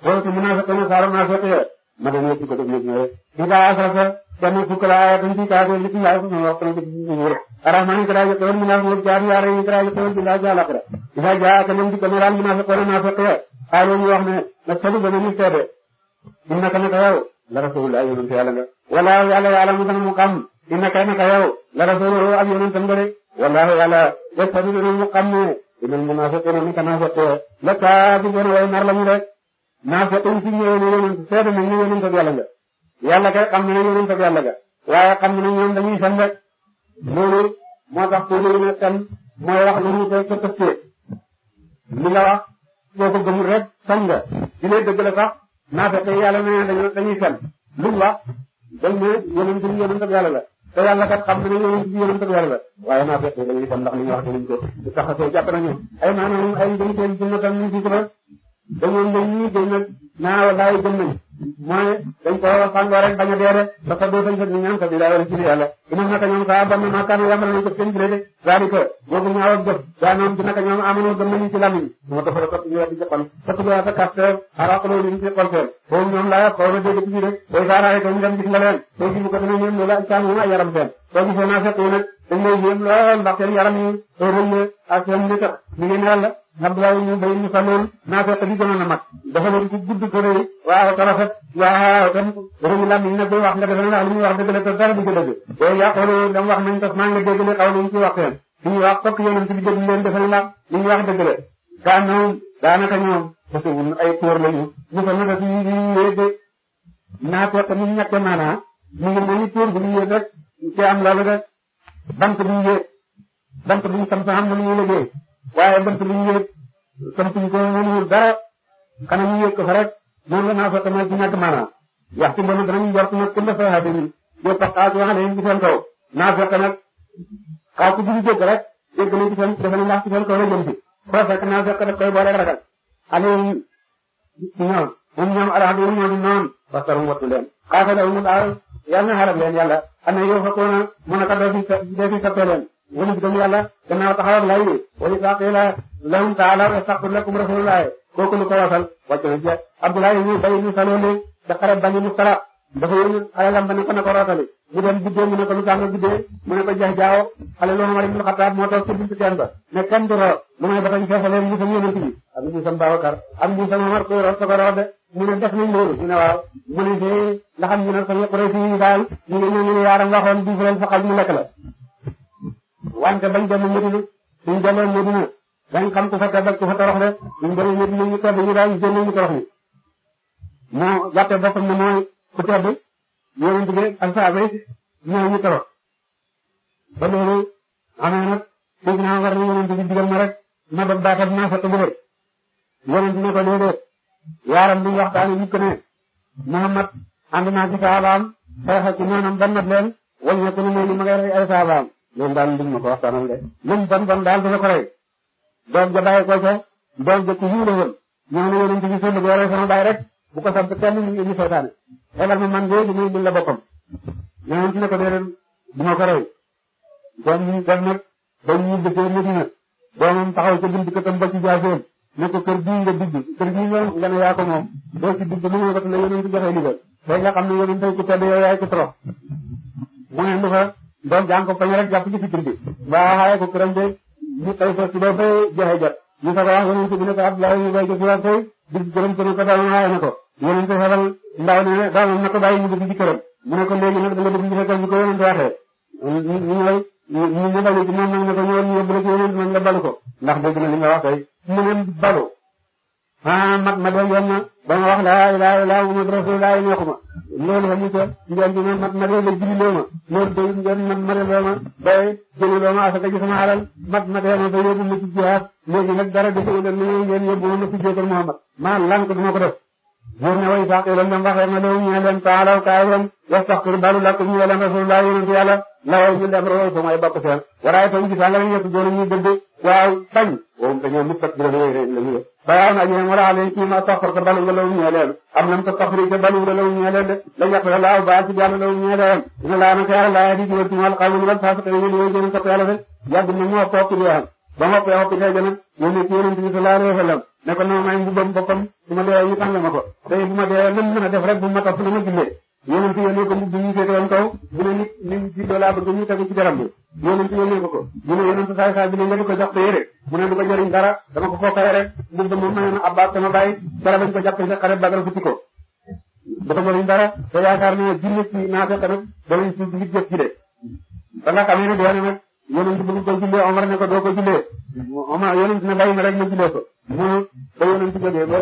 boobu itam munaafiqiina saaru munaafiq ya ma demee fukk ak ñoom ñooy fii daa asrafa kenn fukk laa aya dañ ciy kaatee li ci laaj ko sama waxtaan bi ñu ngi rek. arahmaani garaaj yi xewal munaafiq jaar yaare yi garaaj yi xewal billaay jaal akra. isa jaa ka lam dikkal daal munaafiqiina munaafiq ya xaalu ñu wax ne nag sali ba nañu seede innaka naka yow la rasulullah yonent yàlla nga. walaahu yàlla yàlla mu dana mu xam innaka naka yow la rasuluhu ab yonentam nga de walaahu yàlla yasadu dana mu xam ne innal munaafiqiina naka naafiq ya la kaabiruuna way nar lañu rek naa fekk ñu si ñëwee ñu yónni seetlu nañ ñu yónni ko yàlla nga yàlla kay xam nañ yónni ko yàlla nga waaye xam nañ ñoom dañuy fen rek loolu moo tax pour ñu ne fen mooy wax lu ñu koy ca tëkkee li nga wax soo ko gëmul rek fen nga di lay dëgg la sax naa fekk yàlla nee dañuy dañuy fen lu mu wax dañ ne yónni ko yónni ko yàlla la te yàlla kat xam nañ yónni ko yónni ko yàlla la waaye naa fekk dañuy fen ndax li ñu wax dinañ ko tax a soo jàpp nañu ay maanaam ay dañ seen jumatan ñu ci gëmoon nañu gëm nag naa walaay gëm nañu mooy dañ koo sangoo rek bañ a dee rek parce que doo sañ sax ñu ñaan ko di daawal ci yàlla ina naka ñoom saa ba ma kaanu yamal nañ ko seen bile de daal di ko boobu ñaawal jëf daa ñoom ci naka ñoom amoon gëm nañu ci lamiñ moo tax ko ñu wax ci xol fatu la ta kaste araqlo li ci xol seen boobu ñoom laa ko na dégg ci rek ko ñu dem gis nga leen soo ko tamit ñoom Abdoulaye ñu bay ñu naa fekk li gënoon a mag dafa leen ko gudd ko rëy waaw te rafet waaw tam rëy lam yi nag wax nga defe naa li ñuy wax dëgg la te dara du ko dëgg boo yàqoolu dam wax nañ ko maa ngi dégg ne xaw nañ ci waxteen fi ñu wax fokk yonent bi dégg leen defal la li ñu wax dëgg la gaa ñoom daanaka ñoom parce que ay tóor lañu ñu fa naka si ñu naa fekk ñu ñàkk maanaa ñu ngi mel ni tóor bu ñu yéeg rek ci am am na lu ñuy liggéey waaye bant bi ñu yëg sant yi ko wëluwul dara xanaa ñu yëg ko fa rek moom la naa fekk mooy ci ñàkk maanaam waxtu boobu danañ jort nag ku la fa xaati ni yow tax xaatu wax dëgg ci naa fekk nag xaatu bi ñu dégg rek dégg nañ ci seen defe nañ wax ci seen kaw la jëm ci. foo fekk naa fekk daf koy boole ragal Aliou ñoom moom ñoom alhamdulilah ñoo di noonu basarum wattu leen xaaral na xaaral leen yàlla am na yow fekkoon na mu ne ko doo sa doo fi soppee ngeen gëm taxawal lay wi wa izaa qiila lahum ta'aalaw yastaghfir lakum rasuulullaah kooku lu ko wasal wàcc na jeex Abdoulaye ñu bay ñu saloon ne ca xarab bani Mustaliq dafa yëngu alalam ba ne ko na ko rootali mu dem guddee mu ne ko lu tax nga guddee mu ne ko jeex jaaw xale loolu Umar ibn Xattaab moo toog ci buntu teen ba ne kenn du root lu may ba tañ feesaleen sa ko root de mu ne def nañ loolu ñu ne waaw mu ne fee nga xam ñu ne sa Quraysh yi daal ñu ne la wante bañ dem Medina suñ demee Medina dañ xam ku fa tedd ak ku fa torox de suñ demee Medina ñu tedd ñu daal ñu génne ñu torox ni moo jàppee boppam ne mooy ku tedd yonent bi ak saaba yi ñoo ñu torox ba loolu amee nag si naa war na yonent bi digal ma rek ma ba baatam naa fekk bu wér yonent ne ko déedéet yaaram bi ñu waxtaane ñu ko ne Muhammad ànd naa ci saabaam xeex ak ci noonam ba not leen wañ ne ko ne ma ngay rey ay saabaam loolu daal duñ ma ko waxtaanal de. moom ban ban daal dina ko rey doom ja bàyyi ko ca doom ja ku yiw la woon ñoo ne yonent bi sunu boole sama baay rek bu ko sant kenn ñu indi seytaane xelal ma man léegi nii buñ la boppam yonent ne ko déedéet dina ko rey doom yi dem nag ba ñu dëkkee Medina doomam taxaw ca buntu këtam ba ci jaaseem ne ko kër bii nga dugg kër bii nga nga ne yaa ko moom doo ci dugg lu mu nga xam ne yonent tey ku tedd yow yaay doom jàng ko bañ rek jàpp ci fikir bi waaw xaaral ko kuréel de ñu tay ko ci doo fay joxe jot ñu ko wax yonent bi ne ko bay jëf yoon tey di gërëm ko ko daal waaye na ko yonent ko xelal ndaw ne ne daal na ko bàyyi ne ko léegi nag da nga dugg ci fekkal ñu ko yonent waxee ko ñëwal ñu yóbbu nga balu ko ndax dégg na li nga ah mag ma doon yomb ba ma wax laa ilaaha illallaah Muhammadu rasuulullaah neexuma loolu la ñu toog njëriñ bi mag ma doon la ji looma loolu day njëriñ mag ma doon looma day jëli looma asaka ji sama alal mag ma doon ma ba yóbbu ma ci jihaad léegi nag dara defu leen ni ngeen yóbbu ma ci jihaad Muhammad maa lan ko duma ko def. wóor na way sax ilam dam waxee na leen ñu leen taalaw kaay leen yastaxfir balu lakum ñu leen rasuulullaah yonent yàlla la way ñu dem roy ko may bokk seen waraay tam gis nga ñu yëpp doon ñu dëgg waaw bañ boobu dañoo mu tëkk juróomi yooyu rek la ñu def balaa nga ñëw wala leen kii ma taxaw ko balu nga law ñeeleel am nañ ko taxaw balu nga law ñeeleel de la ñàkk la laaw na ko yàlla laa di ñëw ci wàllu xaw ma ñu sax ko ñu ñëw jëm ko yàlla ba ma a xoppi day gën a ñu ne ci yonent bi sallallahu alayhi wasallam ne ko non may mbubam boppam su ma dee ñu tàng ma ko tey bu ma dee lu mu mën a def rek bu ma topp na ma jullee yonent yónnee ko mbubb ñu féetewoon kaw a ne nit nit ji laa bëgg ñu tegu ci deram bi yonent yónnee ko ko mu ne yonent saay saay bi ne nga ko jox mu ne du ko jëriñ dara dama ko foofee rek mbubb ba moom mayoon Abbaas sama bàyyi dara bañ ko jàppee sa xare bagal futti ko dafa jëriñ dara te yaakaar na jinne ci naa fekk nag danañ ci nit jëf ci de ba nga xamee ne doo ne nag yonent bu ñu ko jullee Omar ne ko doo ko jullee Omar yonent ne bàyyi ma ma jullee ko mu ne ba yonent jógee ba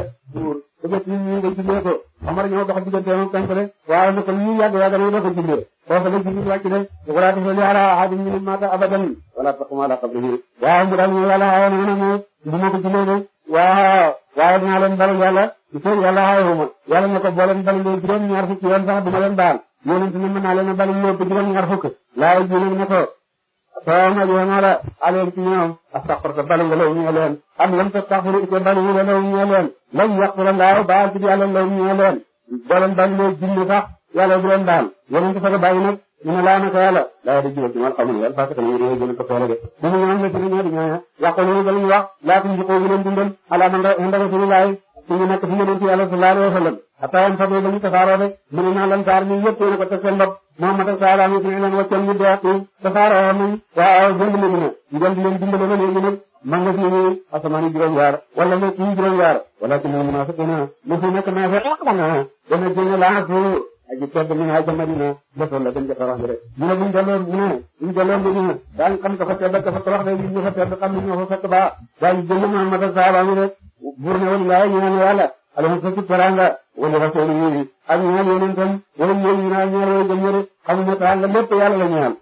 ñun ñii nga jullee ko Omar ñoo dox diggante moom Kampale waaye nag comme ñun yàgg yàgg nañ la ko jullee foofu la julli wàcc ne wala tasali ala ahadin min mata abadan wala taqum ala qabrihi waaw mu daal ñu yàlla xaayoon mu ne moom du ma ko jullee de waaw waaye dinaa leen baral yàlla du tey yàlla xaayuma yàlla na ko boo leen balalee juróom ñaar fukki yoon sax duma leen baal yonent ne mën naa leen a balal lépp juróom ñaar fukk laa jiw na ko soo ma jéemoon la aleel ci ñoom astaxfirka balu nga law ñee leen am lam tastaxfiru ke balu nga law ñee leen lam yaqbala laahu baal ci yàlla law ñee leen jinne sax yàlla du leen baal yeneen ci sax bàyyi nag ñu ne laa naka yàlla laa di jiw ci mal xamul yàlla parce que dañuy réew jël bu ñu ñaan la ci ñoo di ñaan yàqo ñu dañu wax laa tuñ jikko wu leen dundal ala man da ndaga suñu laay suñu nekk fi yonent atawam fa boobu dañuy tasaaroo rek mu ne naa lan saar ñun ñëpp yéen a ko teg seen bopp Muhammad ak saaba ñu fi ñu leen wàccoon ñu dox ñu tasaaroo nañ waaw jënd nañu ne ngeen di leen dimbale ba léegi nag mangas nañu asamaan juróom-ñaar wala lépp yi juróom-ñaar wala ci noonu munaafiqina lu fi nekk naa fa xanaa dana jënd laa fi aji tedd mi naa jëmbat ñu ne defoon la gën jëfandoo rek ñu ne buñ jëloon ñu ne buñ jëloon bi ñu daañ xam dafa tedd dafa torox de ñu fa tedd xam ne ñoo fa fekk baa daañ jënd Muhammad ak saaba ñu rek buur ne wala ñu ne yàlla alhamdulilah wala rasul yi ak ñaar yonentam wala ñooñu ñaar ñaar way gëm ñëre xamuñu taal lépp yàlla la ñaan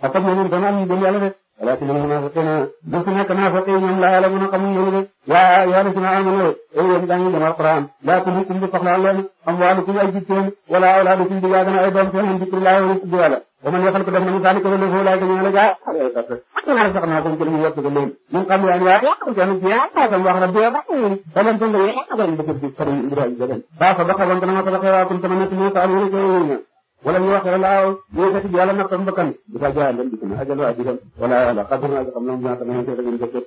parce que ñoom itam am ñu gëm yàlla rek walakin al-munaafiqiina bu fi nekk naafiq yi ñoom laa ya'lamuuna xamuñu yéen rek yaa ayyuhaa llaziina aamanuu ay yéen daa ngi jamal Qur'aan laa tulhiikum du soxlaal leen amwaalukum ay jib seen wala awlaadukum du yàgg na ay doom seen an dikrillaahi wa tudd yàlla wa man yaxal ko def na misaal ko loolu foofu laay gëñoo la jaa xale ay fàtte wala sax naa ko ci ñu wërsëg leen min qabli an ya'tiyakum azaabun wax rabbi ya'lamu falam tunziru ya'lamu bi qadri ibra al-jabal fa fa baqa wa kana ma tabaqa wa kuntum min wala ñu wax dëgg laa ñooy kat yàlla na ko mbëkkan. bu ko jaayee dem di ko ne ajal waa ji dem. wala yàlla xam naa ne xam naa ne ñaata na ngeen koy def